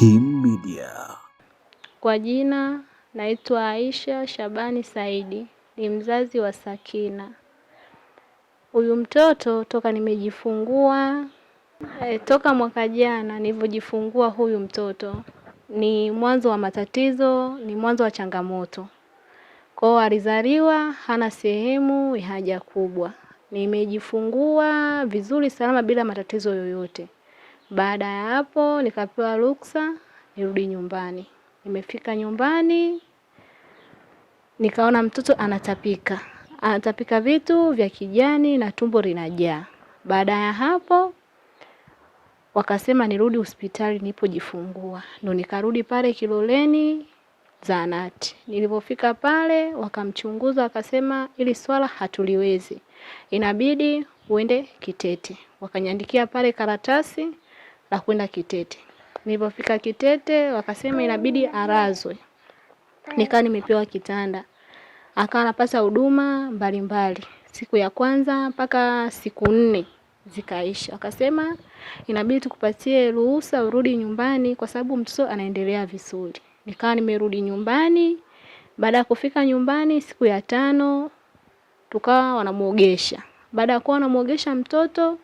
Kim Media. Kwa jina naitwa Aisha Shabani Saidi, ni mzazi wa Sakina. Huyu mtoto toka nimejifungua e, toka mwaka jana nilivyojifungua huyu mtoto ni mwanzo wa matatizo, ni mwanzo wa changamoto. Kwao alizaliwa hana sehemu ya haja kubwa. Nimejifungua vizuri salama bila matatizo yoyote. Baada ya hapo nikapewa ruksa nirudi nyumbani. Nimefika nyumbani nikaona mtoto anatapika, anatapika vitu vya kijani na tumbo linajaa. Baada ya hapo wakasema nirudi hospitali nilipojifungua, ndo nikarudi pale Kiloleni zahanati. Nilipofika pale wakamchunguza, wakasema ili swala hatuliwezi, inabidi uende Kitete. Wakaniandikia pale karatasi la kwenda Kitete. Nilipofika Kitete wakasema inabidi arazwe, nikaa nimepewa kitanda, akawa anapata huduma mbalimbali, siku ya kwanza mpaka siku nne zikaisha, wakasema inabidi tukupatie ruhusa urudi nyumbani kwa sababu mtoto anaendelea vizuri. Nikawa nimerudi nyumbani. Baada ya kufika nyumbani siku ya tano, tukawa wanamuogesha. Baada ya kuwa wanamuogesha mtoto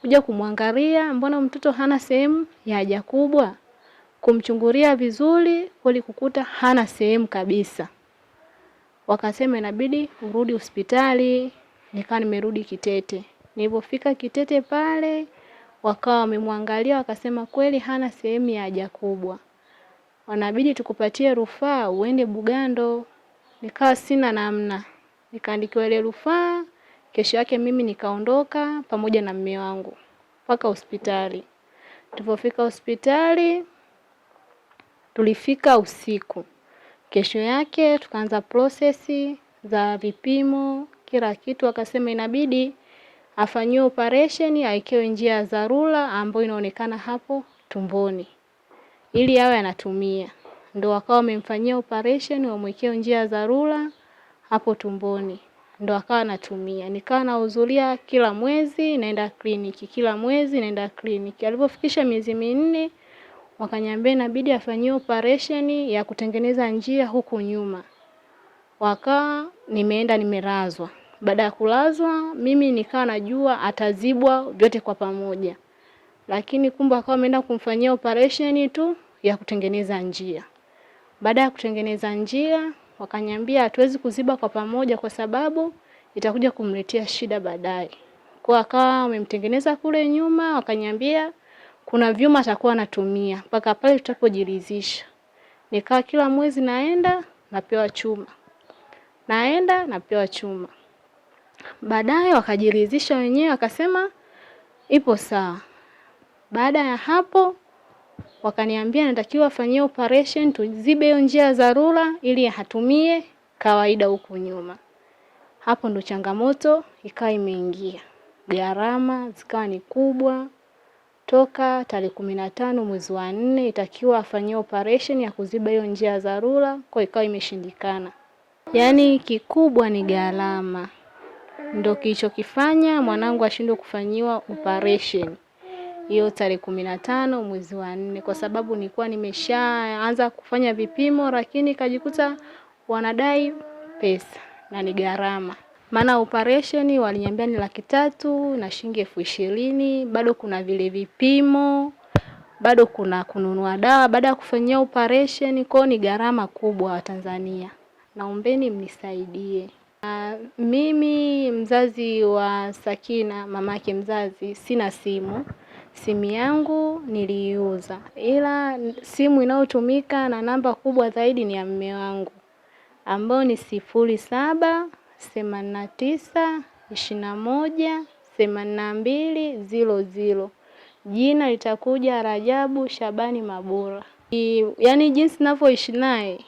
kuja kumwangalia, mbona mtoto hana sehemu ya haja kubwa, kumchungulia vizuri, kweli kukuta hana sehemu kabisa. Wakasema inabidi urudi hospitali, nikawa nimerudi Kitete. Nilipofika Kitete pale wakawa wamemwangalia, wakasema kweli hana sehemu ya haja kubwa, wanabidi tukupatie rufaa uende Bugando. Nikawa sina namna, nikaandikiwa ile rufaa Kesho yake mimi nikaondoka pamoja na mume wangu mpaka hospitali. Tulipofika hospitali tulifika usiku. Kesho yake tukaanza prosesi za vipimo, kila kitu. Akasema inabidi afanyiwe operation, awekewe njia ya dharura ambayo inaonekana hapo tumboni ili awe anatumia. Ndio wakawa wamemfanyia operation, wamwekee njia ya dharura hapo tumboni ndo akawa natumia. Nikawa nahudhuria kila mwezi naenda kliniki, kila mwezi naenda kliniki. Alipofikisha miezi minne wakaniambia inabidi afanyie operation ya kutengeneza njia huku nyuma. wakaa nimeenda nimelazwa. Baada ya kulazwa, mimi nikawa najua atazibwa vyote kwa pamoja, lakini kumbe akawa ameenda kumfanyia operation tu ya kutengeneza njia. Baada ya kutengeneza njia wakaniambia hatuwezi kuziba kwa pamoja kwa sababu itakuja kumletea shida baadaye. Kwa akawa wamemtengeneza kule nyuma, wakaniambia kuna vyuma atakuwa anatumia mpaka pale tutapojiridhisha. Nikawa kila mwezi naenda napewa chuma, naenda napewa chuma. Baadaye wakajiridhisha wenyewe, wakasema ipo sawa. Baada ya hapo wakaniambia natakiwa afanyie operation tuzibe hiyo njia ya dharura ili hatumie kawaida huku nyuma. Hapo ndo changamoto ikawa imeingia, gharama zikawa ni kubwa. Toka tarehe kumi na tano mwezi wa nne itakiwa afanyie operation ya kuziba hiyo njia ya dharura, kwa ikawa imeshindikana. Yaani kikubwa ni gharama, ndo kilichokifanya mwanangu ashindwe kufanyiwa operation hiyo tarehe kumi na tano mwezi wa nne, kwa sababu nilikuwa nimeshaanza kufanya vipimo, lakini kajikuta wanadai pesa na ni gharama, maana operation waliniambia ni laki tatu na shilingi elfu ishirini. Bado kuna vile vipimo, bado kuna kununua dawa baada ya kufanyia operation, kwao ni gharama kubwa. Watanzania, naombeni mnisaidie. Mimi mzazi wa Sakina, mamake mzazi, sina simu Simu yangu niliiuza, ila simu inayotumika na namba kubwa zaidi ni ya mume wangu ambayo ni sifuri saba themanini na tisa ishirini na moja themanini na mbili zilo zilo. Jina litakuja Rajabu Shabani Mabura. Ni, yani jinsi ninavyoishi naye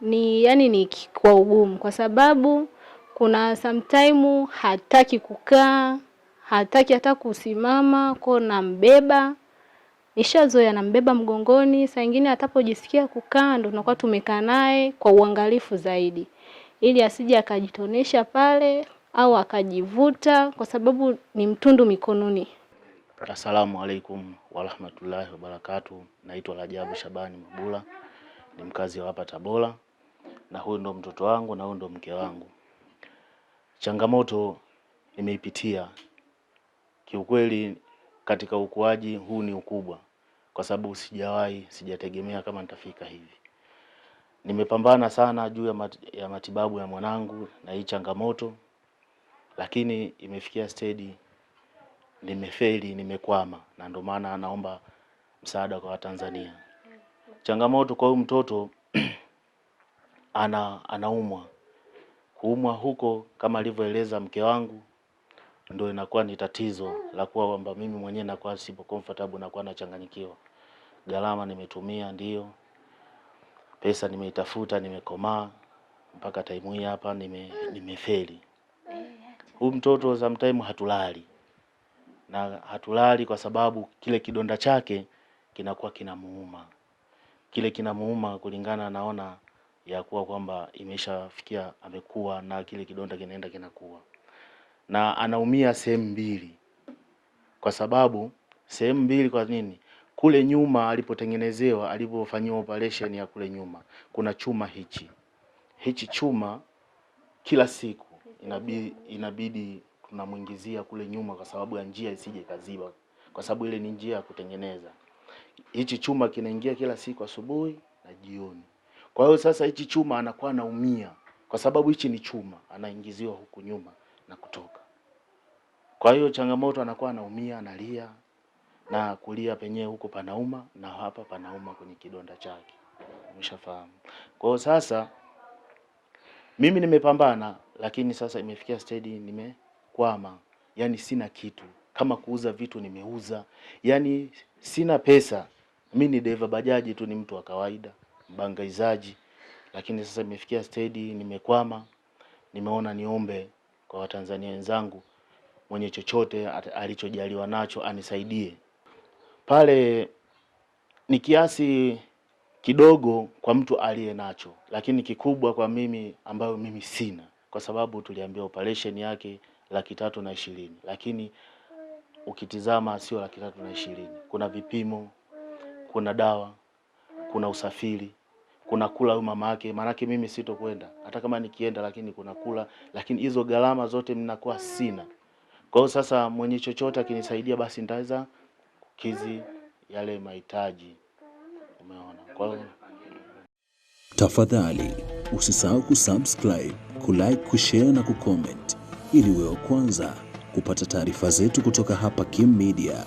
ni yani ni kwa ugumu, kwa sababu kuna sometime hataki kukaa hataki hata kusimama, ko nambeba, nishazoea nambeba mgongoni. Saa nyingine atapojisikia kukaa, ndo tunakuwa tumekaa naye kwa uangalifu zaidi, ili asije akajitonesha pale au akajivuta, kwa sababu ni mtundu mikononi. Assalamu alaikum warahmatullahi wabarakatu. Naitwa Rajabu Shabani Mabula, ni mkazi wa hapa Tabora, na huyu ndo mtoto wangu na huyu ndo mke wangu. Changamoto nimeipitia kiukweli katika ukuaji huu ni ukubwa, kwa sababu sijawahi, sijategemea kama nitafika hivi. Nimepambana sana juu ya matibabu ya mwanangu na hii changamoto, lakini imefikia stedi nimefeli, nimekwama, na ndio maana naomba msaada kwa Watanzania. Changamoto kwa huyu mtoto ana anaumwa kuumwa huko kama alivyoeleza mke wangu ndo inakuwa ni tatizo la kuwa kwamba mimi mwenyewe nakuwa sipo comfortable, nakuwa nachanganyikiwa. Gharama nimetumia ndio, pesa nimeitafuta, nimekomaa mpaka taimu hii hapa nime, nimefeli. Huyu mtoto sometimes hatulali na hatulali kwa sababu kile kidonda chake kinakuwa kinamuuma, kile kinamuuma kulingana, naona ya kuwa kwamba imeshafikia amekuwa na kile kidonda kinaenda kinakuwa na anaumia sehemu mbili, kwa sababu sehemu mbili. Kwa nini? Kule nyuma alipotengenezewa, alipofanyiwa operation ya kule nyuma, kuna chuma hichi hichi chuma, kila siku inabidi inabidi tunamwingizia kule nyuma, kwa sababu ya njia isije kaziba, kwa sababu ile ni njia ya kutengeneza. Hichi chuma kinaingia kila siku asubuhi na jioni. Kwa hiyo sasa hichi chuma anakuwa anaumia, kwa sababu hichi ni chuma, anaingiziwa huku nyuma na kutoka kwa hiyo changamoto anakuwa anaumia, analia na kulia penyewe huko panauma na hapa panauma kwenye kidonda chake. Umeshafahamu. Kwa hiyo sasa mimi nimepambana, lakini sasa imefikia stage nimekwama, yaani sina kitu. Kama kuuza vitu nimeuza, yaani sina pesa. Mi ni dereva bajaji tu, ni mtu wa kawaida, mbangaizaji, lakini sasa imefikia stage nimekwama. Nimeona niombe kwa Watanzania wenzangu mwenye chochote alichojaliwa nacho anisaidie pale. Ni kiasi kidogo kwa mtu aliye nacho, lakini kikubwa kwa mimi ambayo mimi sina, kwa sababu tuliambiwa operation yake laki tatu na ishirini, lakini ukitizama sio laki tatu na ishirini. Kuna vipimo, kuna dawa, kuna usafiri, kuna kula huyu mama yake, maanake mimi sitokwenda hata kama nikienda, lakini kuna kula, lakini hizo gharama zote mnakuwa sina. Kwa sasa, mwenye chochote akinisaidia, basi ndaweza kizi yale mahitaji. Umeona? Kwa hiyo tafadhali usisahau kusubscribe, kulike, kushare na kucomment ili wewe kwanza kupata taarifa zetu kutoka hapa Kim Media.